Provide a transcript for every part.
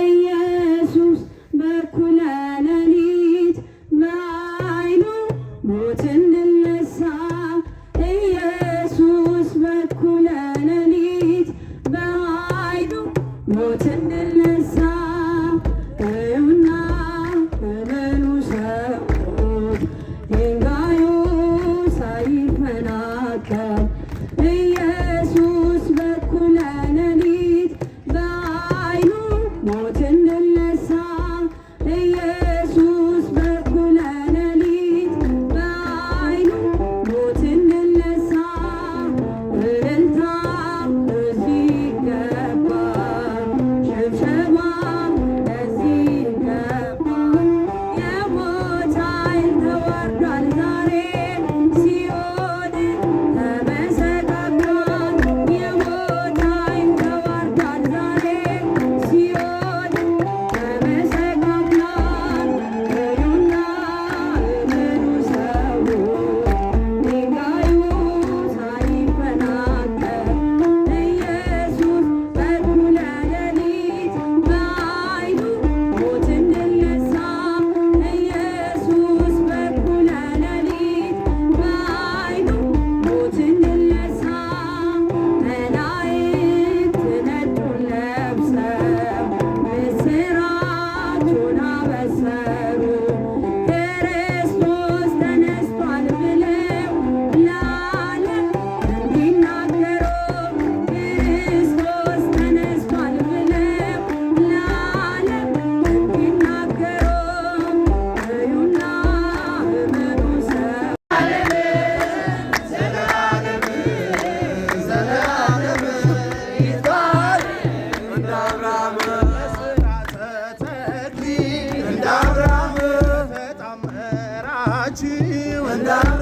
ኢየሱስ በኩለ ሌሊት you and I.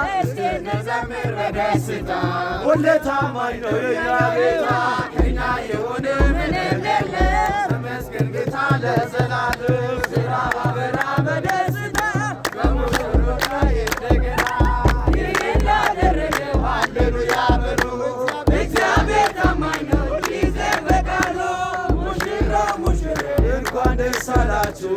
እንዘምር በደስታ ሁሌ ታማኝ ነው ጌታ ከኛ የሆነ ምንም የለም ተመስገን ጌታ ለዘላለም ስራ ባበራ በደስታ በሙሽሮች ላይ እንደገና ይህን ላደረገ ሃሌሉያ በሉ እግዚአብሔር ታማኝ ነው ጊዜ በቃሉ ሙሽሮ ሙሽሮ እንኳን ደስ አላችሁ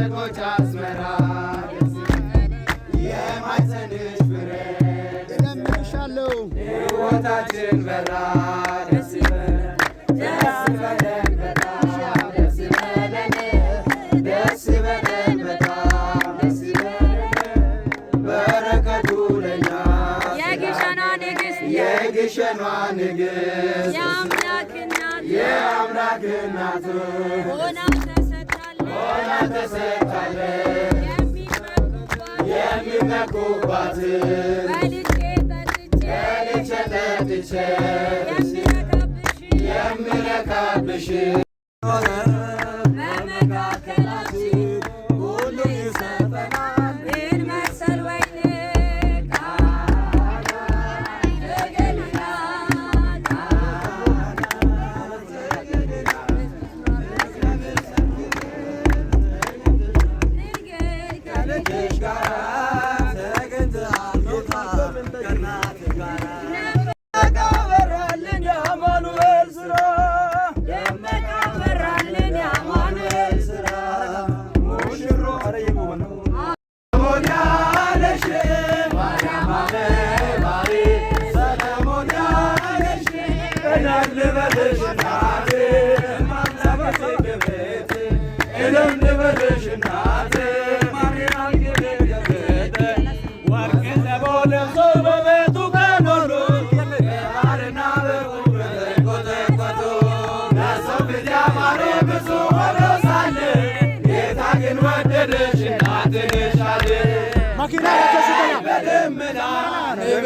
የበጎች አስመራ የማይዘንሽ ፍሬ እለምንሻለሁ ሕይወታችን በራ ደስ ይበለን የግሸኗ ንግሥት የግሸኗ ንግሥት የአምላክ እናት የአምላክ እናት ሆና ተሰታለች የሚመኩባት በልቼ ጠጥቼ የሚረካብሽ Benedicta.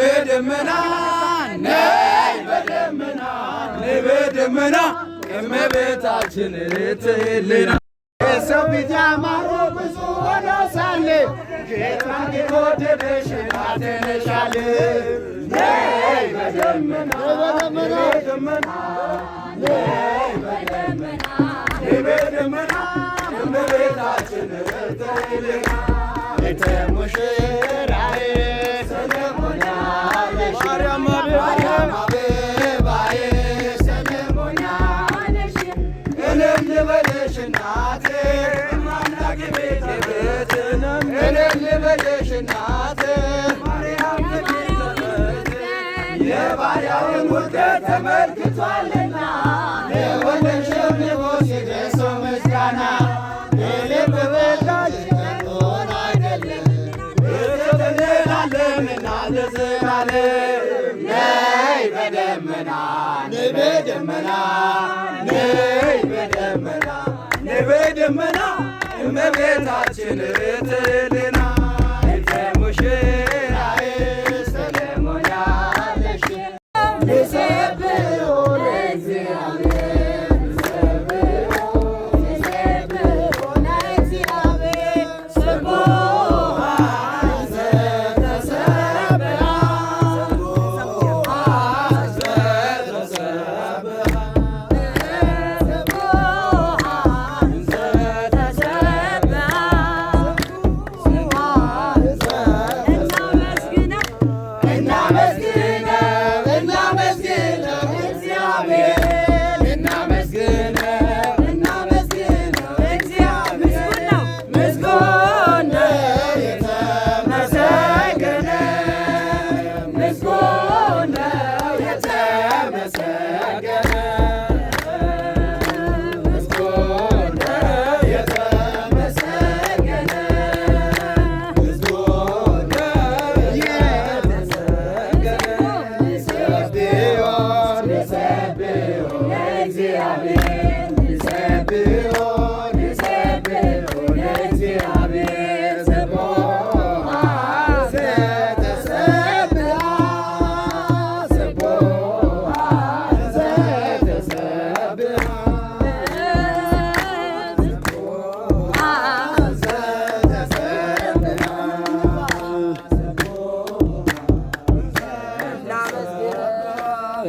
በደመና ነይ እመቤታችን ትልና የሰው ፊት ብዙ ሆኖ ሳለ ጌታን የወደደሽ አደነሻል። ነይ በደመና በደመና እመቤታችን ትልና ቤተ ሙሽራዬ ማርያም አበባዬ ሰለሞኛነሽ ተመልክቷልና ለወለሽ የሚወስድ ሰው ምስጋና በደመና ነይ በደመና ነይ በደመና እመቤታችን ትልና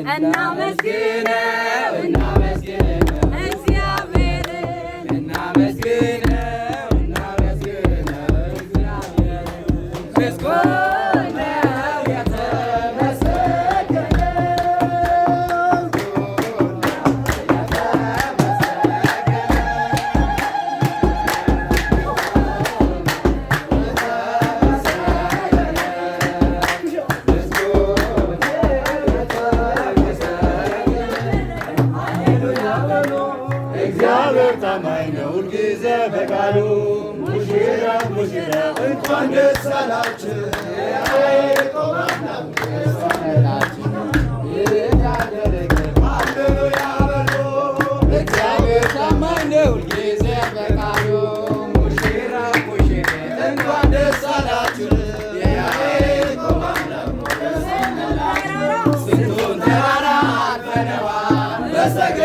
and now let's Miss Guinness. አሉ ሙሽራ ሙሽራ እንኳን ደስ አላችሁ። እግዚአብሔር ታማኝ ነው፣ ሁልጊዜ በቃሉ ሙሽራ ሙሽራ እንኳን ደስ አላችሁ። ስንቱን ተራራ አልፈነዋል